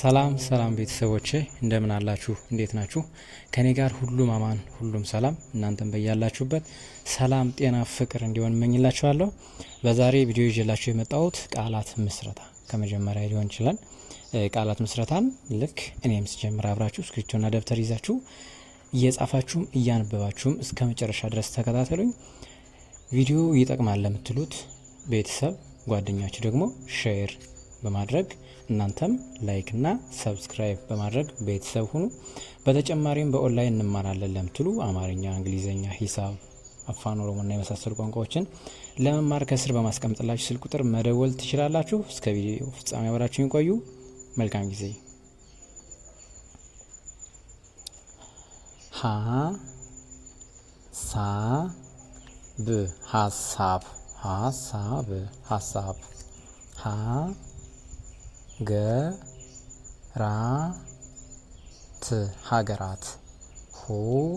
ሰላም ሰላም ቤተሰቦች እንደምን አላችሁ? እንዴት ናችሁ? ከኔ ጋር ሁሉም አማን፣ ሁሉም ሰላም። እናንተም በያላችሁበት ሰላም፣ ጤና፣ ፍቅር እንዲሆን እመኝላችኋለሁ። በዛሬ ቪዲዮ ይዤላችሁ የመጣሁት ቃላት ምስረታ ከመጀመሪያ ሊሆን ይችላል። ቃላት ምስረታን ልክ እኔም ስጀምር አብራችሁ እስክሪብቶና ደብተር ይዛችሁ እየጻፋችሁም እያነበባችሁም እስከ መጨረሻ ድረስ ተከታተሉኝ። ቪዲዮ ይጠቅማል ለምትሉት ቤተሰብ ጓደኛችሁ ደግሞ ሼር በማድረግ እናንተም ላይክ እና ሰብስክራይብ በማድረግ ቤተሰብ ሁኑ። በተጨማሪም በኦንላይን እንማራለን ለምትሉ አማርኛ፣ እንግሊዝኛ፣ ሂሳብ፣ አፋን ኦሮሞና የመሳሰሉ ቋንቋዎችን ለመማር ከስር በማስቀምጥላችሁ ስል ቁጥር መደወል ትችላላችሁ። እስከ ቪዲዮ ፍጻሜ አብራችሁን ቆዩ። መልካም ጊዜ። ሀ ሳ ብ ሀሳብ ሀሳብ ሀሳብ ሀ ገራት ሀገራት ሁለተኛ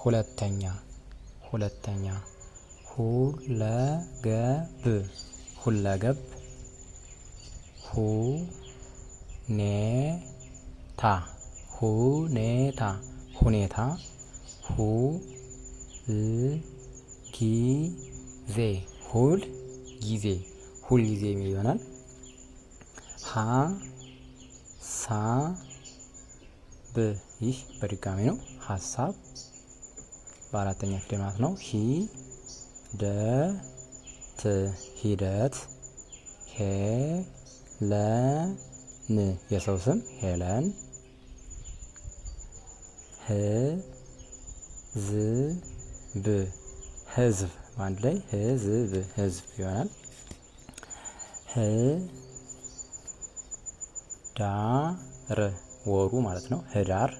ሁለተኛ ሁለተኛ ሁለገብ ሁለገብ ሁኔታ ሁኔታ ሁኔታ ሁል ጊዜ ሁል ጊዜ ሁል ጊዜ የሚል ይሆናል። ሀ ሳ ብ ይህ በድጋሚ ነው። ሀሳብ በአራተኛ ፊደል ነው። ሂ ደ ት ሂደት ሄ ለ ን የሰው ስም ሄለን ህ ዝ ብ ህዝብ በአንድ ላይ ህዝብ ህዝብ ይሆናል። ህዳር ወሩ ማለት ነው። ህዳር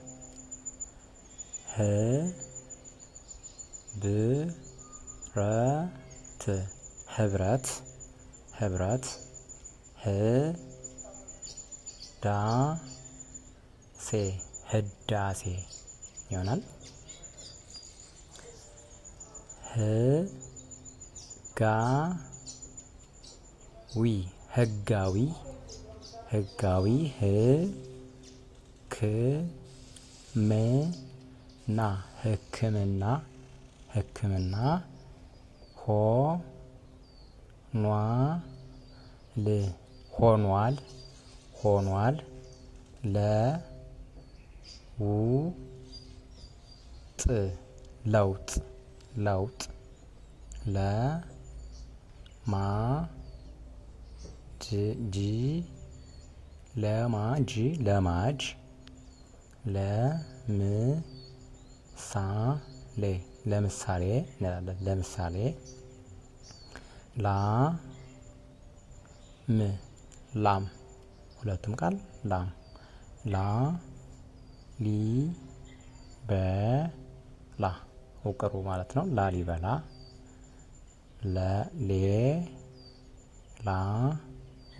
ህብረት ህብረት ህብረት ህዳሴ ህዳሴ ይሆናል። ህጋዊ ህጋዊ ህጋዊ ህክምና ህክምና ህክምና ሆኗል ሆኗል ሆኗል ለውጥ ለውጥ ለውጥ ለማጅ ጂ ለማጅ ለማጅ ለምሳሌ ለምሳሌ እንላለን። ለምሳሌ ላ ም ላም ሁለቱም ቃል ላም ላ ሊ በ ላ ውቅሩ ማለት ነው። ላሊበላ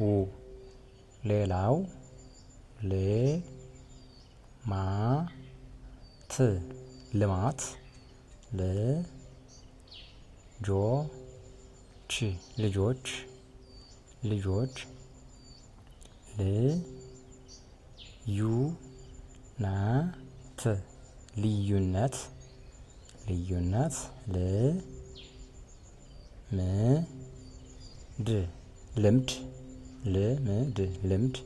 ው ሌላው ልማት ልማት ልጆች ልጆች ልጆች ት ልዩነት ልዩነት ል ም ድ ልምድ ልምድ ልምድ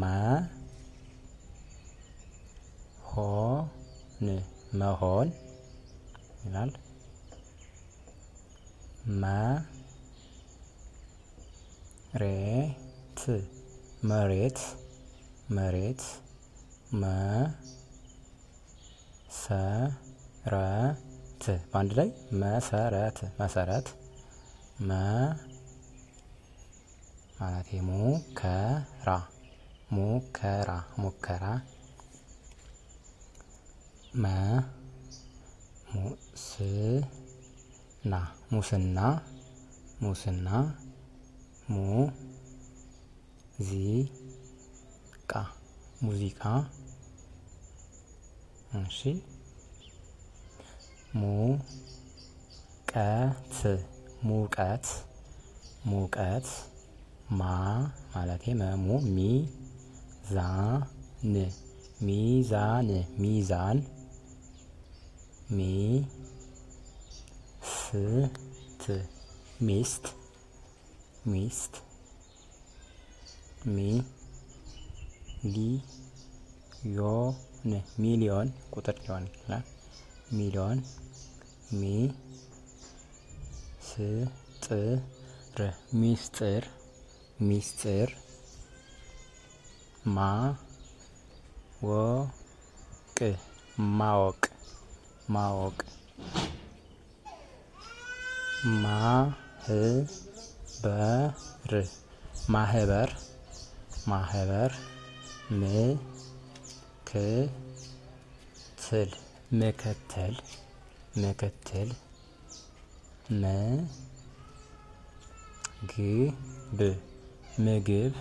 ማ ሆን መሆን ይላል። ማ ሬ ት መሬት መሬት መ ሰ ረት በአንድ ላይ መሰረት መሰረት መ ማለት ሙከራ ሙከራ ሙከራ መ ሙስና ሙስና ሙስና ሙ ዚ ቃ ሙዚቃ እሺ ሙቀት ሙቀት ሙቀት ማ ማለት መሙ ሚ ዛ ን ሚዛን ሚዛን ሚ ስት ሚስት ሚስት ሚ ሊ ዮን ሚሊዮን ቁጥር ሊሆን ይችላል ሚሊዮን ሚ ስ ጥ ር ሚስጥር ሚስጥር ማ ወ ቅ ማወቅ ማወቅ ማ ህ በ ር ማህበር ማህበር ም ክ ትል ምክትል ምክትል መግብ ምግብ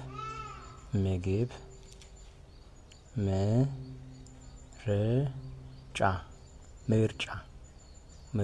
ምግብ ምርጫ ምርጫ